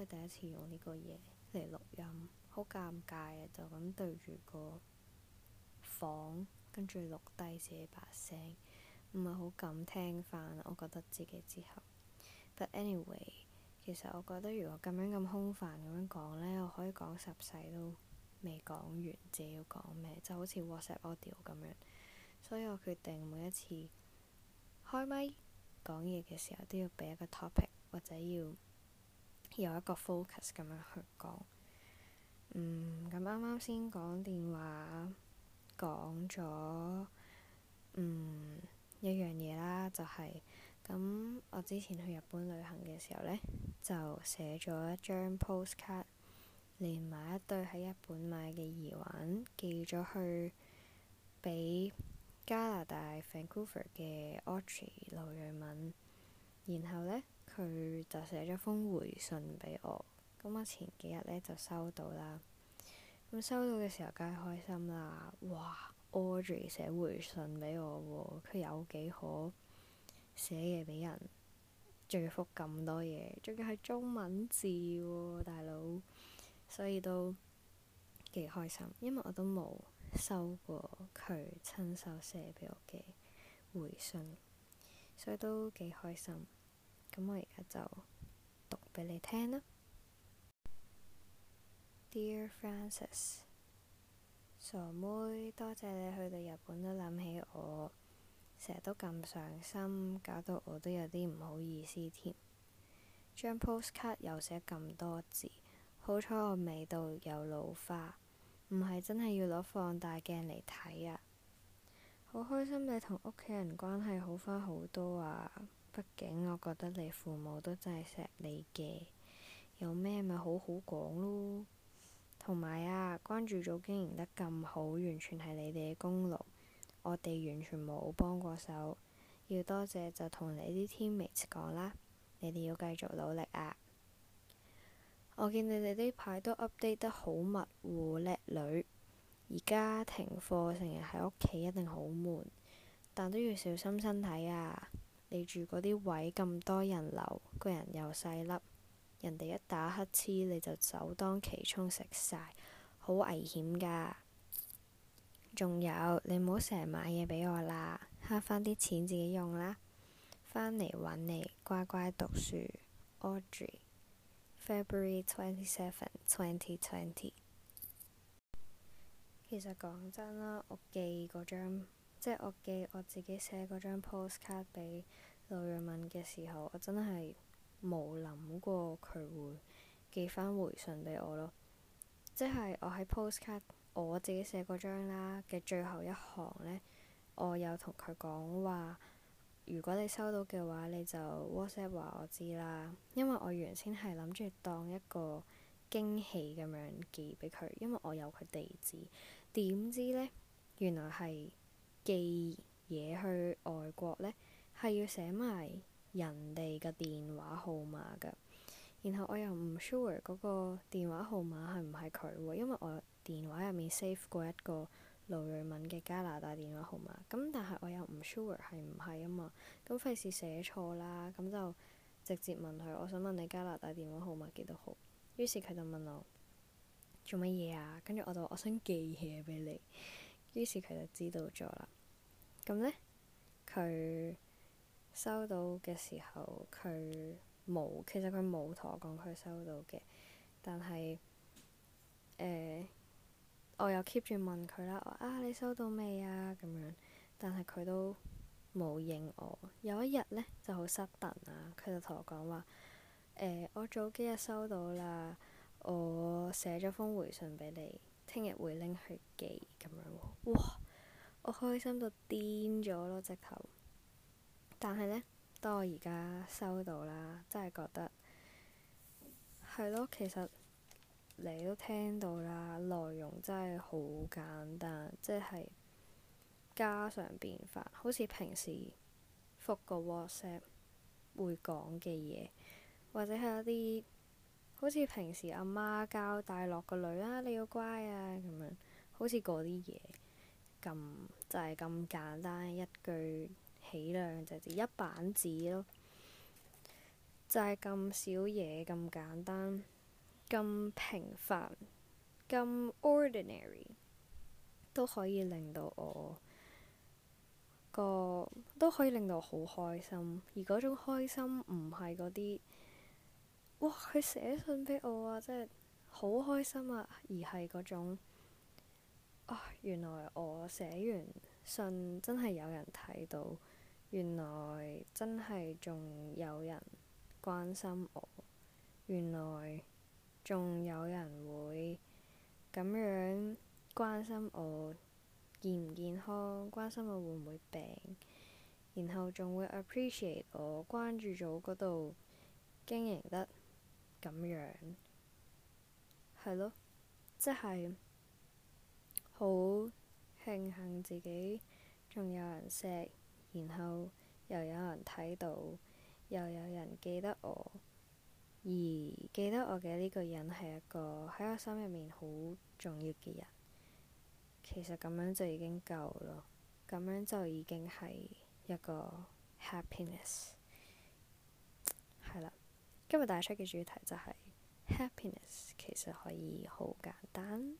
係第一次用呢個嘢嚟錄音，好尷尬啊！就咁對住個房，跟住錄低自己把聲，唔係好敢聽翻。我覺得自己之後，but anyway，其實我覺得如果咁樣咁空泛咁樣講呢，我可以講十世都未講完，仲要講咩？就好似 WhatsApp Audio 咁樣。所以我決定每一次開咪講嘢嘅時候，都要俾一個 topic，或者要，有一個 focus 咁樣去講，嗯，咁啱啱先講電話，講咗，嗯，一樣嘢啦，就係，咁我之前去日本旅行嘅時候呢，就寫咗一張 postcard，連埋一對喺日本買嘅耳環寄咗去，俾加拿大 Vancouver 嘅 Audrey 劉瑞敏，然後呢。佢就寫咗封回信俾我，咁我前幾日咧就收到啦。咁收到嘅時候梗係開心啦！哇，Audrey 寫回信俾我喎，佢有幾可寫嘢俾人，仲要覆咁多嘢，仲要係中文字喎，啊，大佬，所以都幾開心，因為我都冇收過佢親手寫俾我嘅回信，所以都幾開心。咁我而家就讀俾你聽啦，Dear Francis，傻妹，多謝你去到日本都諗起我，成日都咁上心，搞到我都有啲唔好意思添。張 postcard 又寫咁多字，好彩我未到有老花，唔係真係要攞放大鏡嚟睇啊！好開心你同屋企人關係好翻好多啊！畢竟，我覺得你父母都真係錫你嘅，有咩咪好好講咯。同埋啊，關注組經營得咁好，完全係你哋嘅功勞，我哋完全冇幫過手。要多謝就同你啲 teammates 講啦，你哋要繼續努力啊！我見你哋呢排都 update 得好密喎，叻女！而家停課，成日喺屋企一定好悶，但都要小心身體啊！你住嗰啲位咁多人流，個人又細粒，人哋一打乞嗤，你就首當其衝食晒，好危險㗎。仲有，你唔好成日買嘢俾我啦，慳返啲錢自己用啦。返嚟搵你，乖乖讀書，Audrey。February twenty seven, twenty twenty。其實講真啦，我寄嗰張。即係我寄我自己寫嗰張 postcard 俾劉若問嘅時候，我真係冇諗過佢會寄翻回信俾我咯。即係我喺 postcard 我自己寫嗰張啦嘅最後一行咧，我有同佢講話：如果你收到嘅話，你就 WhatsApp 話我知啦。因為我原先係諗住當一個驚喜咁樣寄俾佢，因為我有佢地址。點知咧？原來係～寄嘢去外國呢，係要寫埋人哋嘅電話號碼㗎。然後我又唔 sure 嗰個電話號碼係唔係佢喎，因為我電話入面 save 過一個盧瑞敏嘅加拿大電話號碼。咁但係我又唔 sure 係唔係啊嘛，咁費事寫錯啦，咁就直接問佢，我想問你加拿大電話號碼幾多號。於是佢就問我：做乜嘢啊？跟住我就：我想寄嘢俾你。於是佢就知道咗啦。咁呢，佢收到嘅時候，佢冇，其實佢冇同我講佢收到嘅，但係，誒、呃，我又 keep 住問佢啦，我，啊你收到未啊？咁樣，但係佢都冇應我。有一日呢，就好 sudden 啊，佢就同我講話，誒、呃、我早幾日收到啦，我寫咗封回信俾你。聽日會拎去寄咁樣，哇！我開心到癲咗咯，直頭。但係呢，當我而家收到啦，真係覺得。係咯，其實。你都聽到啦，內容真係好簡單，即係。家常便飯，好似平時。覆個 WhatsApp。會講嘅嘢，或者係一啲。好似平時阿媽，媽教大落個女啊，你要乖啊咁樣，好似嗰啲嘢咁就係、是、咁簡單一句起量就一板紙咯，就係咁少嘢咁簡單咁平凡咁 ordinary 都可以令到我個都可以令到我好開心，而嗰種開心唔係嗰啲。哇！佢寫信俾我啊，真係好開心啊！而係嗰種啊、哦，原來我寫完信真係有人睇到，原來真係仲有人關心我，原來仲有人會咁樣關心我健唔健康，關心我會唔會病，然後仲會 appreciate 我關注咗嗰度經營得。咁樣，係咯，即係好慶幸自己仲有人錫，然後又有人睇到，又有人記得我，而記得我嘅呢個人係一個喺我心入面好重要嘅人，其實咁樣就已經夠咯，咁樣就已經係一個 happiness，係啦。今日帶出嘅主題就係 happiness，其實可以好簡單。